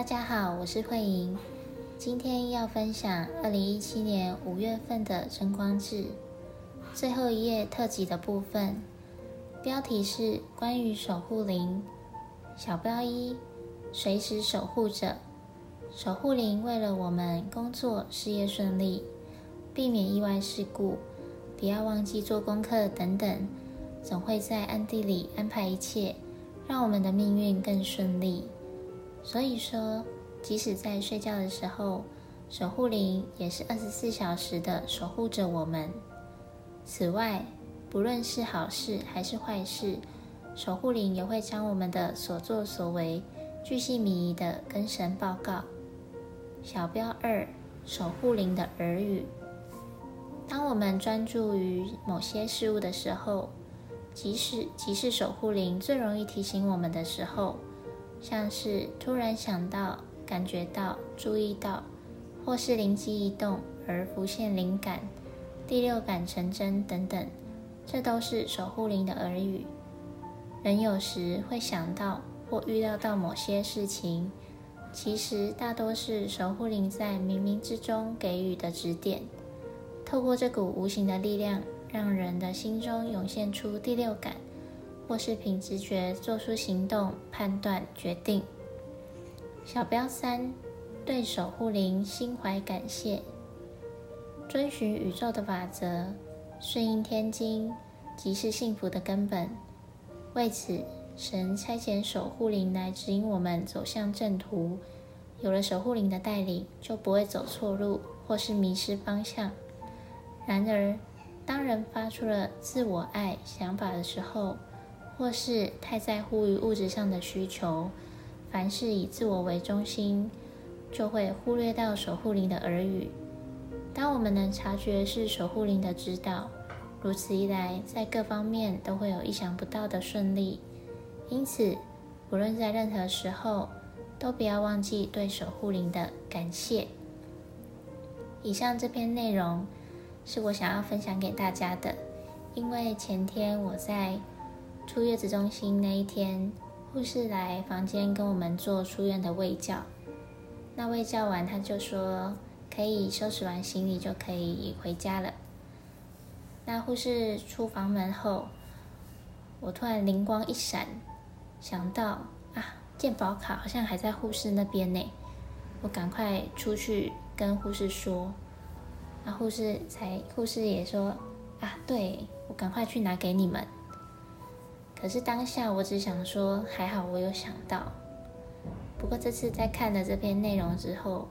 大家好，我是慧尹。今天要分享二零一七年五月份的《真光誌》最後一頁特輯的部分，標題是關於守護靈。小標一：隨時守護者。守護靈為了我們工作、事業順利，避免意外事故，不要忘記做功課等等，總會在暗地裡安排一切，讓我們的命運更順利。所以說，即使在睡覺的時候，守護靈也是二十四小時的守護着我們。此外，不論是好事還是壞事，守護靈也會將我們的所作所為巨細靡遺的跟神報告。小標二，守護靈的耳語。當我們專注於某些事物的時候，即使即是守護靈最容易提醒我們的時候。像是突然想到、感覺到、注意到，或是靈機一動而浮現靈感、第六感成真等等，這都是守護靈的耳語。人有時會想到或預料到某些事情，其實大多是守護靈在冥冥之中給予的指點，透過這股無形的力量，讓人的心中湧現出第六感。或是憑直覺做出行動、判斷、決定。小標三對守護靈心懷感謝，遵循宇宙的法則，順應天經，即是幸福的根本。為此，神差遣守護靈來指引我們走向正途。有了守護靈的帶領，就不會走錯路，或是迷失方向。然而，當人發出了自我愛想法的時候，或是太在乎於物質上的需求，凡事以自我為中心，就會忽略到守護靈的耳語。當我們能察覺是守護靈的指導，如此一來，在各方面都會有意想不到的順利。因此，無論在任何時候，都不要忘記對守護靈的感謝。以上這篇內容是我想要分享給大家的，因為前天我在出月子中心那一天，護士來房間跟我們做出院的衛教。那衛教完，他就說可以收拾完行李就可以回家了。那護士出房門後，我突然靈光一閃，想到啊，健保卡好像還在護士那邊呢。我趕快出去跟護士說，那護士才，護士也說啊，對，我趕快去拿給你們。可是當下，我只想說，還好我有想到。不過這次在看了這篇內容之後，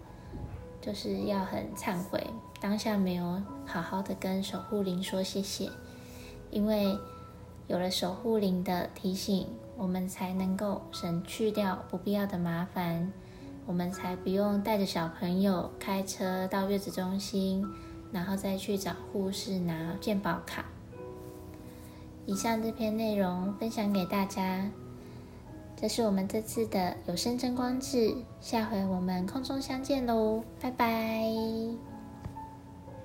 就是要很懺悔，當下沒有好好的跟守護靈說謝謝，因為有了守護靈的提醒，我們才能夠省去掉不必要的麻煩，我們才不用帶着小朋友開車到月子中心，然後再去找護士拿健保卡。以上這篇內容分享給大家，這是我們這次的有聲真光誌，下回我們空中相見嘍，拜拜。